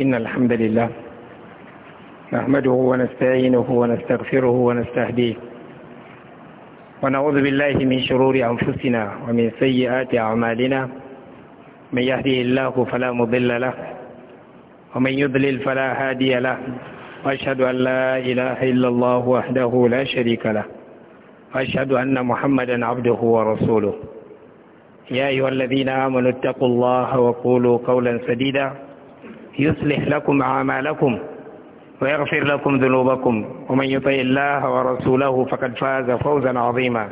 إن الحمد لله نحمده ونستعينه ونستغفره ونستهديه ونعوذ بالله من شرور أنفسنا ومن سيئات أعمالنا من يهده الله فلا مضل له ومن يضلل فلا هادي له وأشهد أن لا إله إلا الله وحده لا شريك له وأشهد أن محمدا عبده ورسوله يا أيها الذين آمنوا اتقوا الله وقولوا قولا سديدا يصلح لكم أعمالكم ويغفر لكم ذنوبكم ومن يطع الله ورسوله فقد فاز فوزا عظيما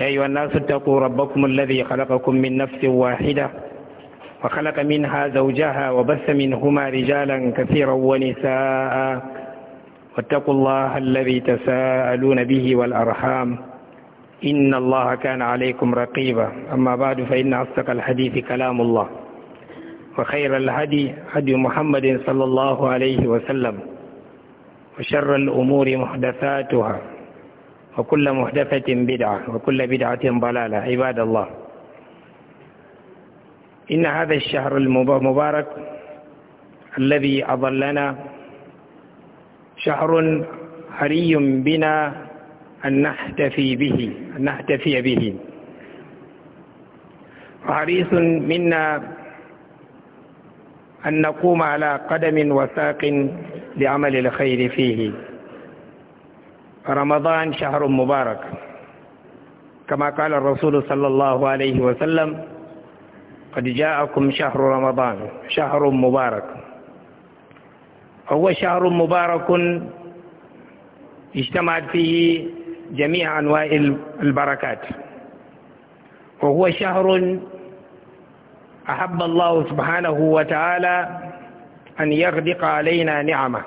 يا أيها الناس اتقوا ربكم الذي خلقكم من نفس واحدة وخلق منها زوجها وبث منهما رجالا كثيرا ونساء واتقوا الله الذي تساءلون به والأرحام إن الله كان عليكم رقيبا أما بعد فإن أصدق الحديث كلام الله وخير الهدي هدي محمد صلى الله عليه وسلم وشر الأمور محدثاتها وكل محدثة بدعة وكل بدعة ضلالة عباد الله إن هذا الشهر المبارك الذي أظلنا شهر حري بنا أن نحتفي به أن نحتفي به وحريص منا أن نقوم على قدم وساق لعمل الخير فيه رمضان شهر مبارك كما قال الرسول صلى الله عليه وسلم قد جاءكم شهر رمضان شهر مبارك هو شهر مبارك اجتمعت فيه جميع أنواع البركات وهو شهر أحب الله سبحانه وتعالى أن يغدق علينا نعمه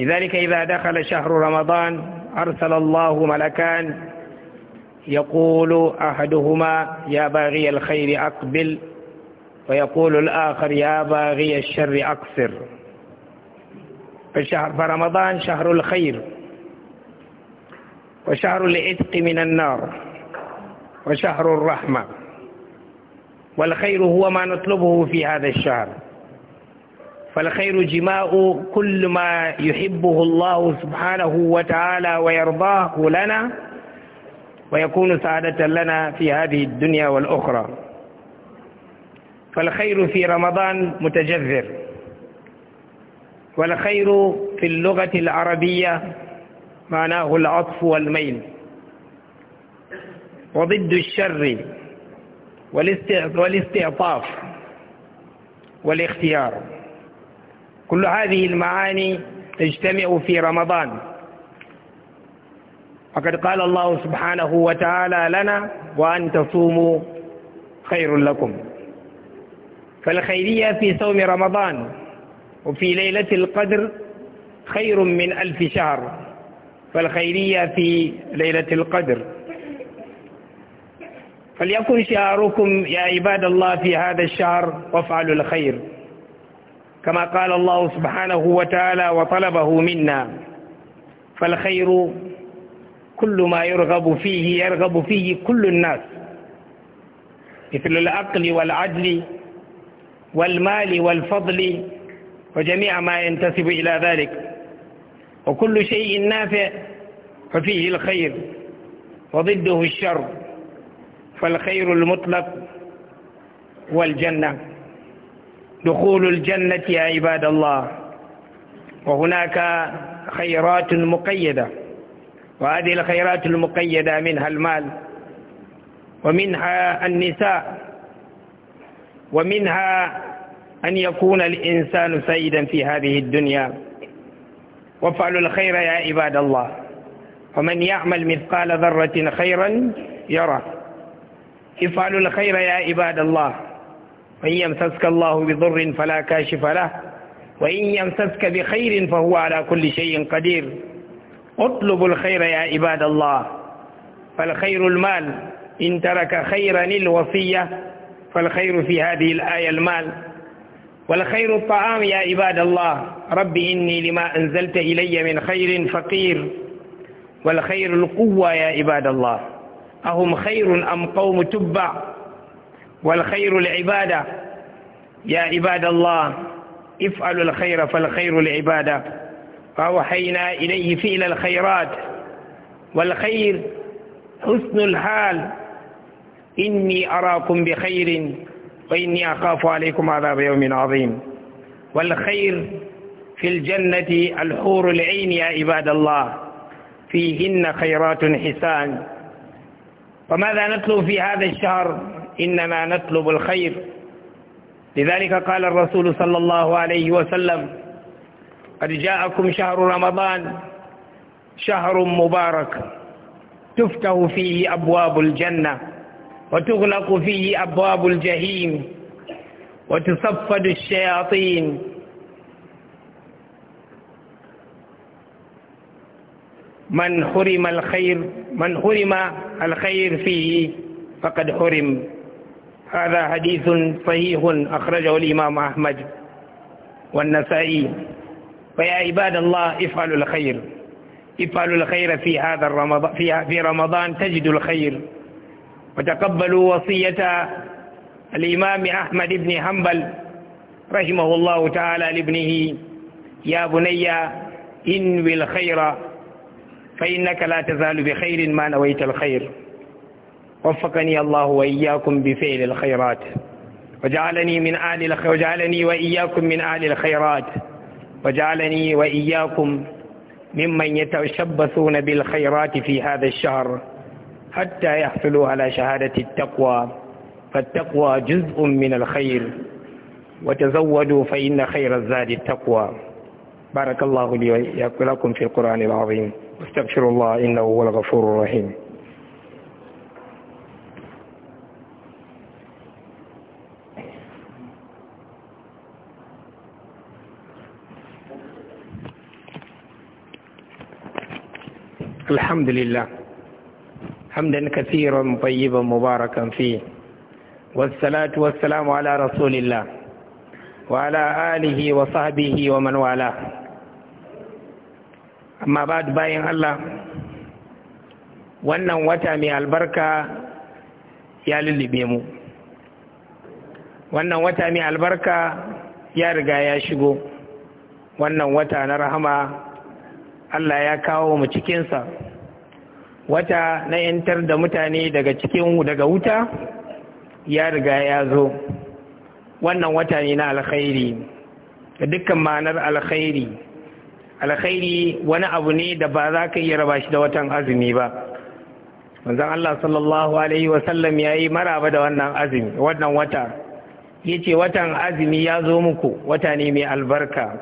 لذلك إذا دخل شهر رمضان أرسل الله ملكان يقول أحدهما يا باغي الخير أقبل ويقول الآخر يا باغي الشر أقصر فشهر فرمضان شهر الخير وشهر العتق من النار وشهر الرحمة والخير هو ما نطلبه في هذا الشهر فالخير جماء كل ما يحبه الله سبحانه وتعالى ويرضاه لنا ويكون سعادة لنا في هذه الدنيا والأخرى فالخير في رمضان متجذر والخير في اللغة العربية معناه العطف والميل وضد الشر والاستعطاف والاختيار كل هذه المعاني تجتمع في رمضان وقد قال الله سبحانه وتعالى لنا وأن تصوموا خير لكم فالخيرية في صوم رمضان وفي ليلة القدر خير من ألف شهر فالخيرية في ليلة القدر فليكن شعاركم يا عباد الله في هذا الشهر وافعلوا الخير كما قال الله سبحانه وتعالى وطلبه منا فالخير كل ما يرغب فيه يرغب فيه كل الناس مثل العقل والعدل والمال والفضل وجميع ما ينتسب إلى ذلك وكل شيء نافع ففيه الخير وضده الشر فالخير المطلق والجنة دخول الجنة يا عباد الله وهناك خيرات مقيدة وهذه الخيرات المقيدة منها المال ومنها النساء ومنها أن يكون الإنسان سيدا في هذه الدنيا وافعلوا الخير يا عباد الله ومن يعمل مثقال ذرة خيرا يره افعلوا الخير يا عباد الله وإن يمسسك الله بضر فلا كاشف له وإن يمسسك بخير فهو على كل شيء قدير اطلبوا الخير يا عباد الله فالخير المال إن ترك خيرا الوصية فالخير في هذه الآية المال والخير الطعام يا عباد الله رب إني لما أنزلت إلي من خير فقير والخير القوة يا عباد الله أهم خير أم قوم تبع والخير العبادة يا عباد الله افعلوا الخير فالخير العبادة فأوحينا إليه فعل الخيرات والخير حسن الحال إني أراكم بخير وإني أخاف عليكم عذاب يوم عظيم والخير في الجنة الحور العين يا عباد الله فيهن خيرات حسان وماذا نطلب في هذا الشهر إنما نطلب الخير لذلك قال الرسول صلى الله عليه وسلم قد جاءكم شهر رمضان شهر مبارك تفتح فيه أبواب الجنة وتغلق فيه أبواب الجحيم وتصفد الشياطين من حرم الخير من حرم الخير فيه فقد حرم هذا حديث صحيح أخرجه الإمام أحمد والنسائي فيا عباد الله افعلوا الخير افعلوا الخير في هذا الرمضان في في رمضان تجد الخير وتقبلوا وصية الإمام أحمد بن حنبل رحمه الله تعالى لابنه يا بني انوي الخير فإنك لا تزال بخير ما نويت الخير وفقني الله وإياكم بفعل الخيرات وجعلني من آل الخير وجعلني وإياكم من آل الخيرات وجعلني وإياكم ممن يتشبثون بالخيرات في هذا الشهر حتى يحصلوا على شهادة التقوى فالتقوى جزء من الخير وتزودوا فإن خير الزاد التقوى بارك الله لي ولكم في القرآن العظيم واستغفر الله إنه هو الغفور الرحيم الحمد لله حمدا كثيرا طيبا مباركا فيه والصلاة والسلام على رسول الله وعلى آله وصحبه ومن والاه amma ba bayan Allah wannan wata mai albarka ya lullube mu wannan wata mai albarka ya riga ya shigo wannan wata na rahama Allah ya kawo mu cikinsa wata na yantar da mutane daga cikin daga wuta ya riga ya zo wannan wata ne na alkhairi da dukkan ma'anar alkhairi alkhairi wani abu ne da ba za ka iya raba shi da watan azumi ba manzon Allah sallallahu alaihi wa sallam yayi maraba da wannan azumi wannan wata yace watan azumi ya zo muku wata ne mai albarka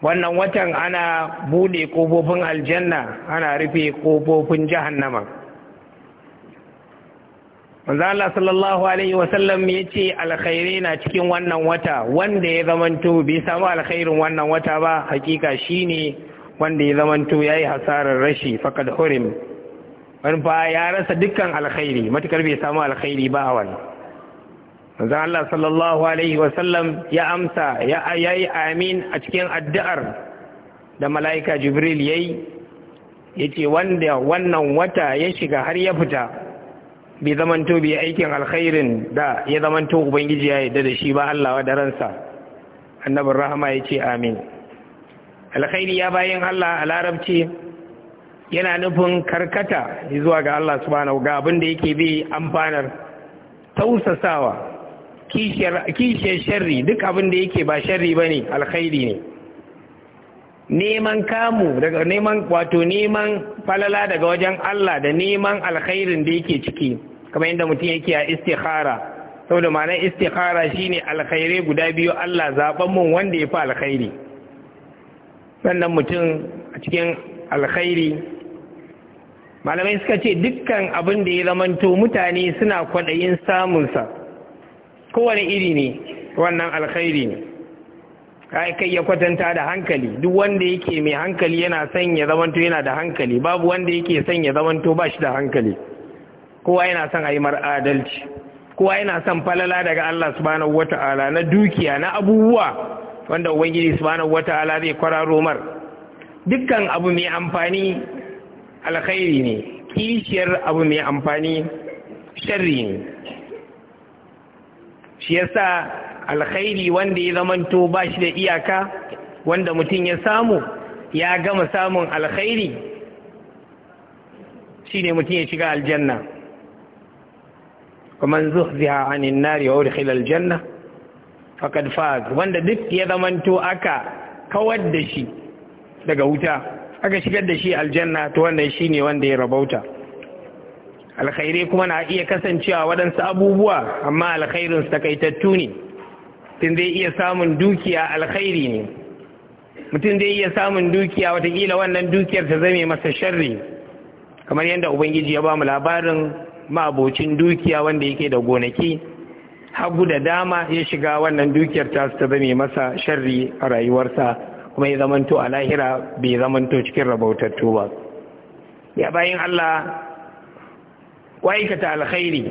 wannan watan ana bude kofofin aljanna ana rufe kofofin jahannama manzo Allah sallallahu alaihi sallam ya ce alkhairi na cikin wannan wata wanda ya zamanto bai samu alkhairin wannan wata ba hakika shine wanda ya zamanto yayi hasarar rashi faqad hurim wani fa ya rasa dukkan alkhairi matukar bai samu alkhairi ba a wannan manzo Allah sallallahu alaihi wa sallam ya amsa ya ayi amin a cikin addu'ar da mala'ika jibril yayi yace wanda wannan wata ya shiga har ya fita bai zamanto bai aikin alkhairin da ya zamanto ubangiji ya yarda da shi ba Allah wa da ransa annabin rahama ya ce amin alkhairi ya bayan Allah a larabci yana nufin karkata zuwa ga Allah subhanahu ga abin da yake bi amfanar tausasawa kishiyar sharri duk abin da yake ba sharri bane ne alkhairi ne neman kamu daga neman wato neman falala daga wajen Allah da neman alkhairin da yake ciki kamar yadda mutum yake a istikhara saboda ma'anar istikhara shine alkhairai guda biyu Allah zaben mun wanda ya fi alkhairi sannan mutum a cikin alkhairi malamai suka ce dukkan abin da ya zamanto mutane suna kwaɗayin samunsa kowane iri ne wannan alkhairi ne kai ya kwatanta da hankali duk wanda yake mai hankali yana son ya zamanto yana da hankali babu wanda yake son ya zamanto ba shi da hankali kowa yana son a yi mar adalci kowa yana son falala daga Allah subhanahu wata'ala na dukiya na abubuwa wanda ubangiji subhanahu wata'ala zai kwararo mar dukkan abu mai amfani alkhairi ne kishiyar abu mai amfani sharri ne shi yasa alkhairi wanda ya zamanto ba shi da iyaka wanda mutum ya samu ya gama samun alkhairi Shi ne mutum ya shiga aljanna faman zuhziha anin nari wa udkhila aljanna faqad faz wanda duk ya zamanto aka kawar da shi daga wuta aka shigar da shi aljanna to wannan ne wanda ya rabauta alkhairi kuma na iya kasancewa waɗansu abubuwa amma alkhairin takaitattu ne tun zai iya samun dukiya alkhairi ne mutum zai iya samun dukiya watakila wannan dukiyar ta zame masa sharri kamar yadda ubangiji ya ba mu labarin ma'abocin dukiya wanda yake da gonaki hagu da dama ya shiga wannan dukiyar ta su ta zame masa sharri a rayuwarsa kuma ya zamanto a lahira bai zamanto cikin rabautattu ba ya bayin Allah wa'aikata alkhairi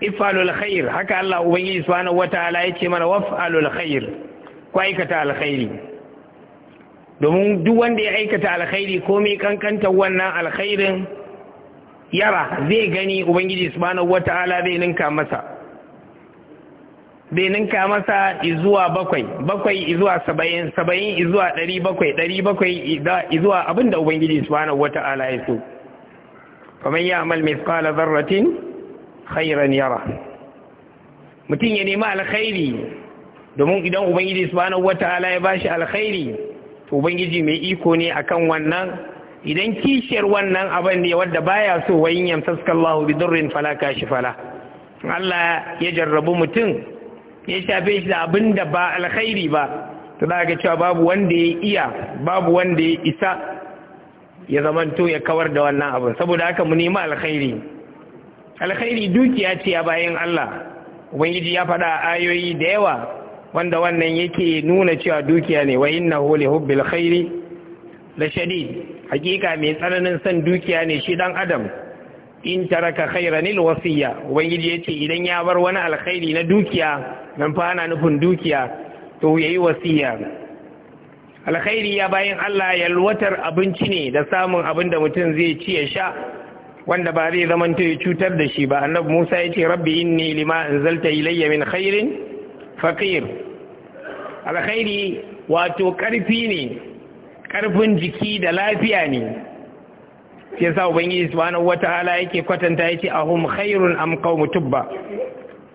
ifalu alkhair haka Allah ubangiji subhanahu wataala yace mana waf'alul khair ku aikata alkhairi domin duk wanda ya aikata alkhairi ko komai kankantar wannan alkhairin yara zai gani ubangiji subhanahu wata'ala zai ninka masa zai ninka masa izuwa bakwai bakwai izuwa saba'in saba'in izuwa ɗari bakwai ɗari bakwai izuwa abin da ubangiji subhanahu wata'ala ya so kamar ya amal mai mithqala zarratin khairan yara mutum ya nemi alkhairi domin idan ubangiji subhanahu wata'ala ya bashi alkhairi to ubangiji mai iko ne akan wannan idan kishiyar wannan abin ne wadda baya so wayin yamsaska Allahu bi durrin fala kashifa fala. Allah ya jarrabu mutum ya shafe shi da abin da ba alkhairi ba to za ga cewa babu wanda ya iya babu wanda ya isa ya zamanto ya kawar da wannan abin saboda haka mu nemi alkhairi alkhairi dukiya ce a bayan Allah ubangiji ya faɗa ayoyi da yawa wanda wannan yake nuna cewa dukiya ne wa innahu li hubbil khairi la shadid hakika mai tsananin san dukiya ne shi dan adam in taraka khairanil wasiya ubangiji yace idan ya bar wani alkhairi na dukiya nan fa ana nufin dukiya to yayi wasiya alkhairi ya bayan Allah yalwatar abinci ne da samun abin da mutum zai ci ya sha wanda ba zai zaman ta ya cutar da shi ba annabi Musa yace rabbi inni lima anzalta ilayya min khairin faqir alkhairi wato karfi ne ƙarfin jiki da lafiya ne ke sa ubangiji subhanahu wataala yake kwatanta yace ahum khairun am qaum tubba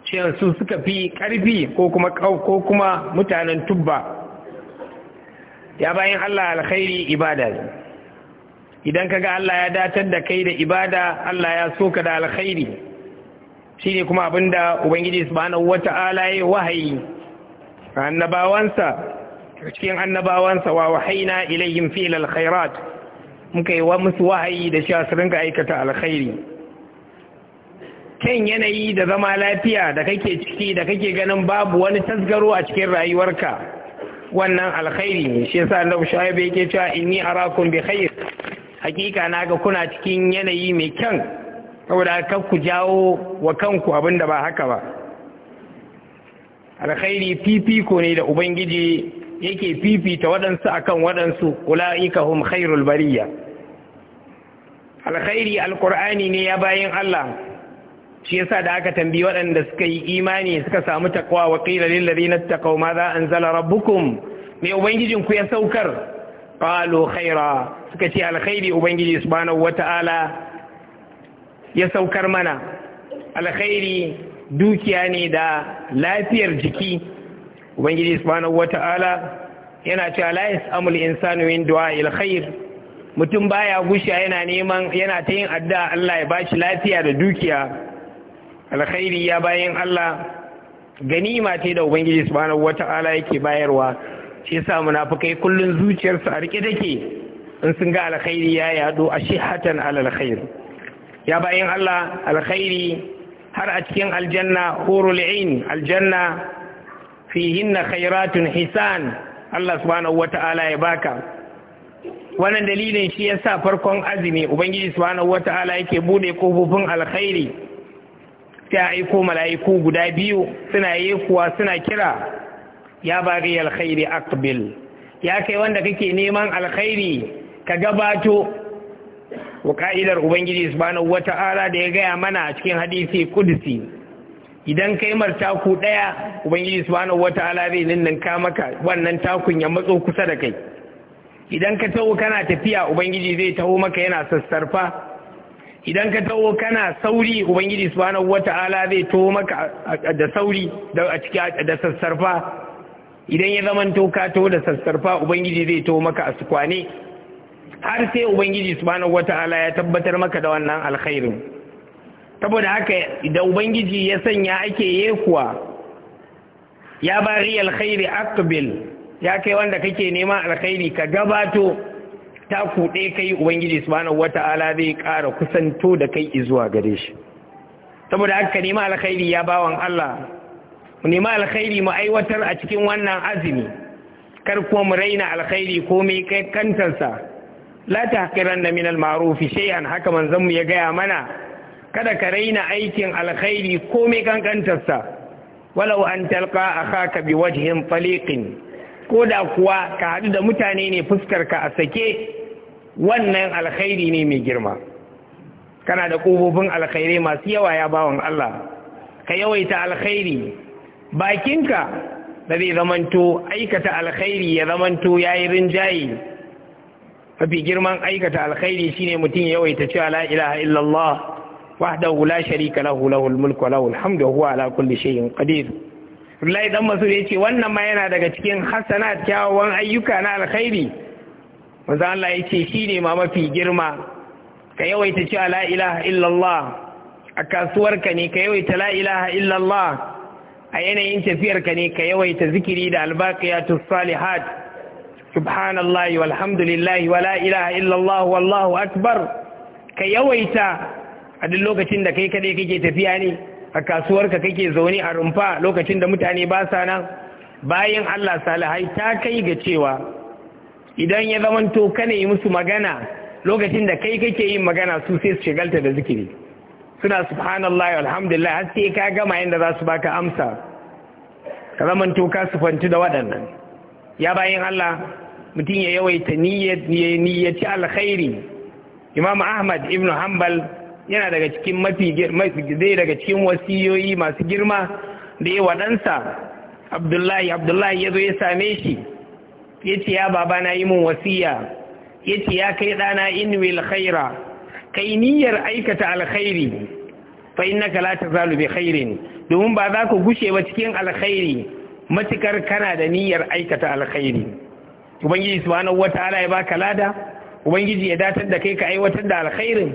shin su suka fi ƙarfi ko kuma ko kuma mutanen tubba ya bayan Allah alkhairi ibada idan kaga Allah ya datar da kai da ibada Allah ya so ka da alkhairi shine kuma abinda ubangiji subhanahu wataala ya wahayi annabawansa daga cikin annabawansa wa wahaina ilayhim fil alkhairat muka yi wa musu wahayi da shi su rinka aikata alkhairi kan yanayi da zama lafiya da kake ciki da kake ganin babu wani tasgaro a cikin rayuwarka wannan alkhairi ne shi yasa Allah shaibe yake cewa inni arakum bi khair hakika naga kuna cikin yanayi mai kyan saboda kan ku jawo wa kanku abinda ba haka ba alkhairi fifiko ne da ubangiji yake fifita waɗansu akan waɗansu ula'ika hum khairul bariya alkhairi alkur'ani ne ya bayan Allah shi yasa da aka tambayi waɗanda suka yi imani suka samu takwa wa qila lil ladina taqaw ma za anzala rabbukum me ubangijin ku ya saukar qalu khaira suka ce alkhairi ubangiji subhanahu wata'ala ya saukar mana alkhairi dukiya ne da lafiyar jiki ubangiji subhanahu wata'ala yana cewa la yasamul insanu min du'a'il khair mutum baya gusha yana neman yana ta yin addu'a Allah ya bashi lafiya da dukiya alkhairi ya bayan Allah ganima ce da ubangiji subhanahu wata'ala yake bayarwa shi yasa munafikai kullun zuciyarsu a rike take in sun ga alkhairi ya yado ashihatan alal khair ya bayan Allah alkhairi har a cikin aljanna hurul ain aljanna fihinna khairatun hisan Allah subhanahu wata'ala ya baka wannan dalilin shi yasa farkon azumi ubangiji subhanahu wata'ala yake bude kofofin alkhairi sai aiko mala'iku guda biyu suna yi kuwa suna kira ya bari alkhairi aqbil ya kai wanda kake neman alkhairi ka gabato wa ka'idar ubangiji subhanahu wata'ala da ya gaya mana a cikin hadisi kudsi idan kai martaku ɗaya ubangiji subhanahu wataala zai ninninka maka wannan takun ya matso kusa da kai idan ka taho kana tafiya ubangiji zai taho maka yana sassarfa idan ka taho kana sauri ubangiji subhanahu wataala zai taho maka da sauri da a cikin da sassarfa idan ya zamanto ka taho da sassarfa ubangiji zai taho maka a sukwane har sai ubangiji subhanahu wataala ya tabbatar maka da wannan alkhairin saboda haka da ubangiji ya sanya ake yekuwa ya ba bari alkhairi akbil ya kai wanda kake nema alkhairi ka gabato ta kuɗe kai ubangiji subhanahu wata'ala zai ƙara kusanto da kai izuwa gare shi saboda haka nema alkhairi ya bawan Allah mu nema alkhairi mu aiwatar a cikin wannan azumi kar kuma mu raina alkhairi ko mai kai kantarsa la tahqiranna min al-ma'ruf shay'an haka manzon mu ya gaya mana kada ka raina aikin alkhairi komai kankantarsa walau an bi wajihin biwajhin ko da kuwa ka haɗu da mutane ne fuskar ka a sake wannan alkhairi ne mai girma kana da ƙofofin alkhairi masu yawa ya bawan Allah ka yawaita alkhairi bakinka da zai zamanto aikata alkhairi ya zamanto yayi rinjaye mafi girman aikata alkhairi shine mutum ya yawaita cewa la ilaha illallah wahdahu la sharika lahu lahul mulku wa lahul hamdu wa huwa ala kulli shay'in qadir Abdullahi dan Masud yace wannan ma yana daga cikin hasanat kyawawan ayyuka na alkhairi manzo Allah yace shine ma mafi girma ka yawaita cewa la ilaha illa allah a kasuwarka ne ka yawaita la ilaha illa allah a yanayin tafiyarka ne ka yawaita zikiri da albaqiyatus salihat subhanallahi walhamdulillahi la ilaha illa allah wallahu akbar ka yawaita a duk lokacin da kai kaɗai kake tafiya ne a kasuwar ka kake zaune a rumfa lokacin da mutane ba sa nan bayan Allah salihai ta kai ga cewa idan ya zamanto kana yi musu magana lokacin da kai kake yin magana su sai su shigalta da zikiri suna subhanallah alhamdulillah har sai ka gama yadda za su baka amsa ka to ka sufantu da waɗannan ya bayan Allah mutum ya yawaita niyyaci alkhairi imam ahmad ibn hanbal yana daga cikin mafi zai daga cikin wasiyoyi masu girma da ya waɗansa abdullahi abdullahi ya zo ya same shi ya ce ya baba na yi mun wasiya ya ce ya kai ɗana inuwil khaira kai niyyar aikata alkhairi fa ina la tazalu zalube khairin domin ba za ku gushe ba cikin alkhairi matukar kana da niyyar aikata alkhairi ubangiji subhanahu wataala ya baka lada ubangiji ya datar da kai ka aiwatar da alkhairin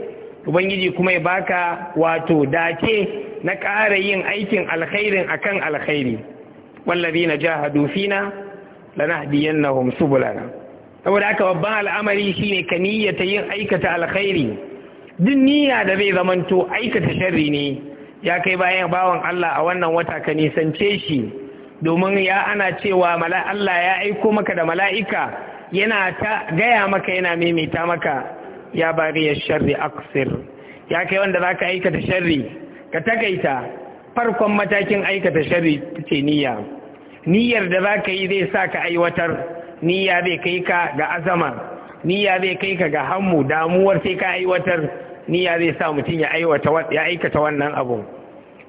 ubangiji kuma ya baka wato dace na ƙara yin aikin alkhairin akan alkhairi na jahadu fina lanahdiyannahum subulana saboda aka babban al'amari shine ka niyyata yin aikata alkhairi duk niyya da zai zamanto aikata sharri ne ya kai bayan bawan Allah a wannan wata ka nisance shi domin ya ana cewa Allah ya aiko maka da mala'ika yana ta gaya maka yana maimaita maka ya bari ya sharri aksir ya kai wanda za ka aikata sharri ka takaita farkon matakin aikata sharri ce niyya niyyar da za ka yi zai sa ka aiwatar niyya zai kai ka ga azama niyya zai kai ka ga hammu damuwar sai ka aiwatar niyya zai sa mutum ya aikata wannan abu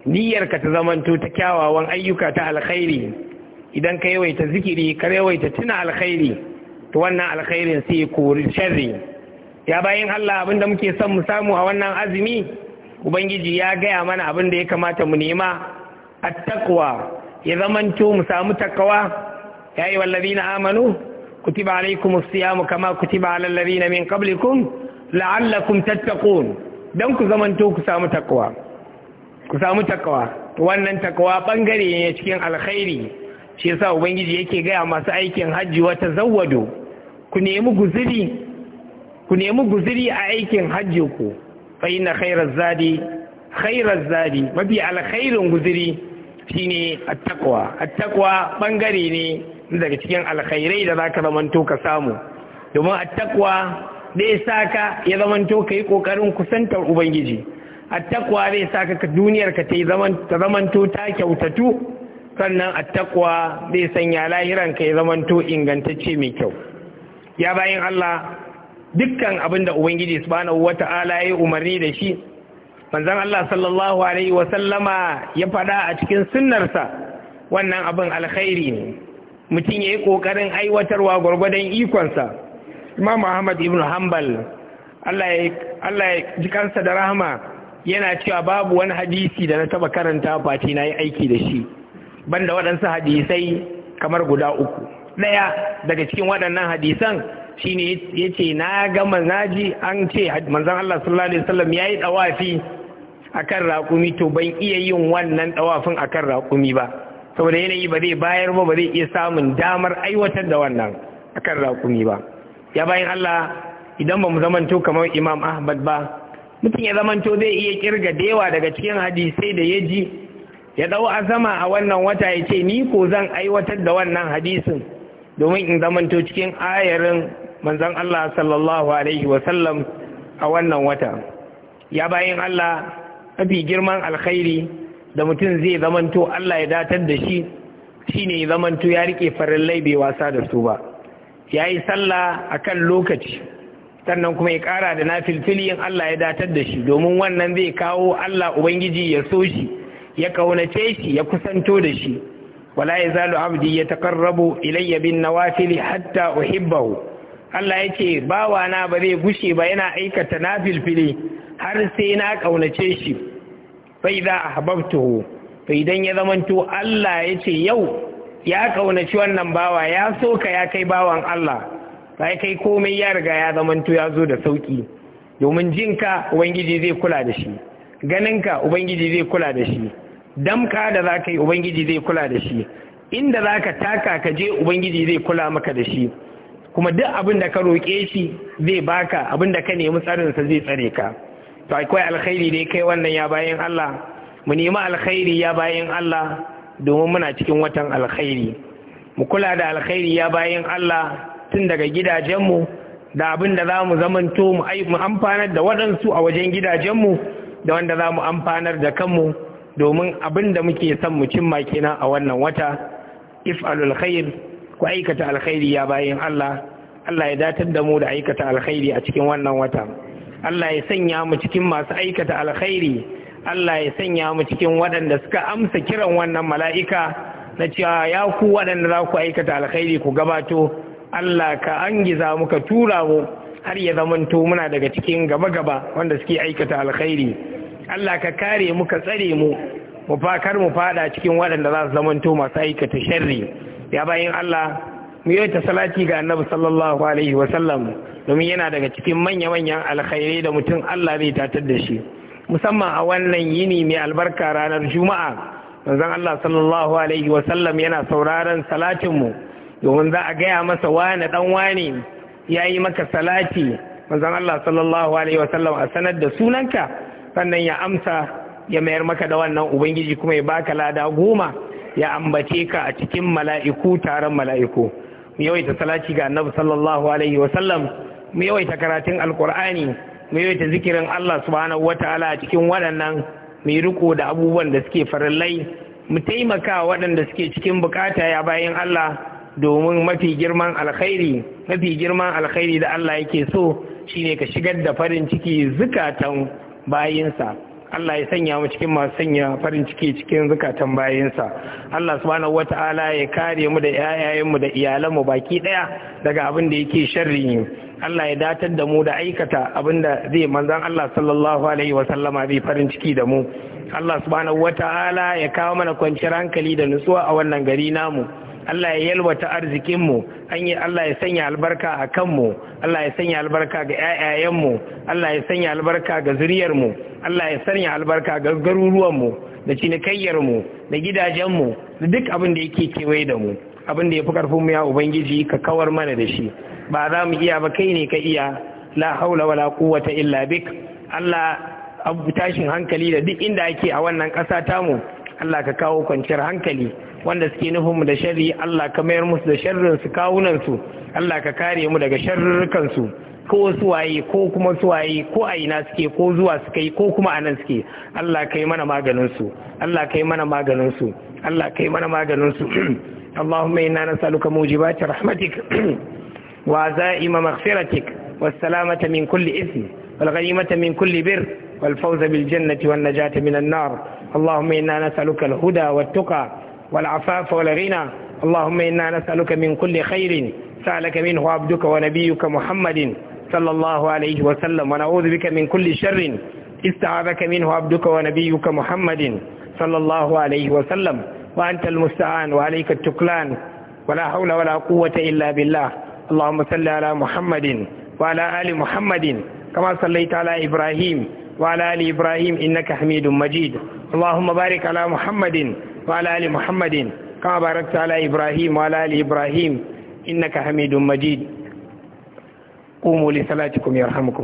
niyyar ka ta zamanto ta kyawawan ayyuka ta alkhairi idan ka yawaita zikiri ka yawaita tuna alkhairi to wannan alkhairin sai kori sharri ya bayan Allah abin da muke son mu samu a wannan azumi ubangiji ya gaya mana abin da ya kamata mu nema attaqwa ya zamanto mu samu takawa ya yi wallazina amanu kutiba alaikumus siyamu kama kutiba alal ladina min qablikum la'allakum tattaqun dan ku zamanto ku samu takawa ku samu takawa wannan takawa ɓangare ne cikin alkhairi shi yasa ubangiji yake gaya masu aikin hajji wata zawwado ku nemi guzuri ku nemi guziri a aikin hajji ku fa ina khairar zadi khairar zadi mafi alkhairin guziri shine attakwa attakwa ɓangare ne daga cikin alkhairai da za zaka zamanto ka samu domin attakwa zai sa ka ya zamanto yi ƙoƙarin kusantar ubangiji attakwa zai saka ka duniyar ka ta yi ta zamanto ta kyautatu sannan attakwa zai sanya lahiran ka ya zamanto ingantacce mai kyau ya bayin Allah dukkan abin da ubangiji subhanahu ta'ala ya umarni da shi manzon Allah sallallahu alaihi wa ya fada a cikin sunnarsa wannan abin alkhairi ne mutum yayi kokarin aiwatarwa gurgurdan ikonsa Imam Muhammad ibn Hanbal Allah ya Allah ji kansa da rahama yana cewa babu wani hadisi da na taba karanta fati na yi aiki da shi banda waɗansu hadisai kamar guda uku ɗaya daga cikin waɗannan hadisan shine yace na ga manzaji an ce manzan Allah sallallahu alaihi wasallam yayi dawafi akan raƙumi to ban iya yin wannan dawafin akan raƙumi ba saboda yanayi ba zai bayar ba ba zai iya samun damar aiwatar da wannan akan raƙumi ba ya bayan Allah idan ba mu zamanto kamar Imam Ahmad ba mutum ya zamanto zai iya kirga dewa daga cikin hadisai da ya ji ya dau azama a wannan wata ya ce ni ko zan aiwatar da wannan hadisin domin in zamanto cikin ayarin manzon Allah sallallahu alaihi wasallam a wannan wata ya bayan Allah mafi girman alkhairi da mutum zai zamanto Allah ya datar da shi shine ya zamanto ya rike farin bai wasa da su ba ya yi sallah akan lokaci sannan kuma ya ƙara da na in Allah ya datar da shi domin wannan zai kawo Allah ubangiji ya so shi ya kaunace shi ya kusanto da shi wala zalu abdi ya yataqarrabu ilayya bin wafiri hatta uhibbahu Allah ya ce bawana ba zai gushe ba yana aikata na filfili har sai na ƙaunace shi fai za a hababtuhu fai idan ya zamanto Allah ya ce yau ya ƙaunaci wannan bawa ya so ka ya kai bawan Allah ya kai komai ya riga ya zamanto ya zo da sauƙi domin jinka ubangiji zai kula da shi ganinka ubangiji zai kula da shi damka da za ka yi ubangiji zai kula da shi inda za ka taka ka je ubangiji zai kula maka da shi kuma duk abin da ka roƙe shi zai baka abin da ka nemi tsarinsa zai tsare ka to akwai alkhairi dai kai wannan ya bayan Allah mu nemi alkhairi ya bayan Allah domin muna cikin watan alkhairi mu kula da alkhairi ya bayan Allah tun daga gidajenmu da abin da za mu zamanto mu amfanar da waɗansu a wajen gidajenmu da wanda za mu amfanar da kanmu domin abin da muke son mu cimma kenan a wannan wata if alul khair ku aikata alkhairi ya bayin Allah Allah ya datar da mu da aikata alkhairi a cikin wannan wata Allah ya sanya mu cikin masu aikata alkhairi Allah ya sanya mu cikin waɗanda suka amsa kiran wannan mala'ika na cewa ya ku waɗanda za ku aikata alkhairi ku gabato Allah ka angiza mu ka tura mu har ya zamanto muna daga cikin gaba-gaba wanda suke aikata alkhairi Allah ka kare mu ka tsare mu mu fakar mu fada cikin waɗanda za su zamanto masu aikata sharri ya bayin Allah mu yi ta salati ga annabi sallallahu alaihi wa sallam domin yana daga cikin manya-manyan alkhairai da mutum Allah zai tatar da shi musamman a wannan yini mai albarka ranar juma'a manzon Allah sallallahu alaihi wa sallam yana sauraron salatin mu domin za a gaya masa wani dan wani ya yi maka salati manzon Allah sallallahu alaihi wa sallam a sanar da sunanka sannan ya amsa ya mayar maka da wannan ubangiji kuma ya baka lada goma ya ambace ka a cikin mala'iku taron mala'iku mu yawaita salaci ga annabu sallallahu alaihi wasallam mu yawaita karatun alkur'ani mu yawaita zikirin Allah subhanahu wataala a cikin waɗannan mu riko da abubuwan da suke farallai mu taimaka waɗanda suke cikin bukata ya bayan Allah domin mafi girman alkhairi mafi girman alkhairi da Allah yake so shine ka shigar da farin ciki zukatan bayinsa Allah ya sanya mu cikin masu sanya farin ciki cikin zukatan bayansa Allah subhanahu wata'ala ya kare mu da yayayanmu da iyalanmu baki ɗaya daga abin da yake sharri yi. Allah ya datar da mu da aikata abin da zai manzon Allah sallallahu alaihi wa sallama zai farin ciki da mu Allah subhanahu wata'ala ya kawo mana kwanciyar hankali da nutsuwa a wannan gari namu Allah ya yalwata arzikinmu an yi Allah ya sanya albarka a kanmu Allah ya sanya albarka ga ƴaƴayenmu Allah ya sanya albarka ga zuriyarmu Allah ya sanya albarka ga garuruwanmu da cinikayyarmu da gidajenmu da duk abin da yake kewaye da mu abin da ya fi karfin mu ya ubangiji ka kawar mana da shi ba za mu iya ba kai ne ka iya la haula wala quwwata illa bik Allah abu tashin hankali da duk inda ake a wannan ƙasa tamu Allah ka kawo kwanciyar hankali wanda suke nufin da sharri Allah ka mayar musu da sharrin su kawunan su Allah ka kare mu daga sharrukan su ko suwaye ko kuma suwaye ko a ina suke ko zuwa suka ko kuma a nan suke Allah ka yi mana maganin su Allah ka yi mana maganin su Allah ka yi mana maganin su Allahumma inna nas'aluka mujibati rahmatik wa za'im maghfiratik was-salamata min kulli ism wal ghanimata min kulli bir wal fawza bil jannati wan najata min nar Allahumma huda wat والعفاف والغنى اللهم إنا نسألك من كل خير سألك منه عبدك ونبيك محمد صلى الله عليه وسلم ونعوذ بك من كل شر استعاذك منه عبدك ونبيك محمد صلى الله عليه وسلم وأنت المستعان وعليك التكلان ولا حول ولا قوة إلا بالله اللهم صل على محمد وعلى آل محمد كما صليت على إبراهيم وعلى آل إبراهيم إنك حميد مجيد اللهم بارك على محمد وعلى آل محمد كما باركت على إبراهيم وعلى آل إبراهيم إنك حميد مجيد قوموا لصلاتكم يرحمكم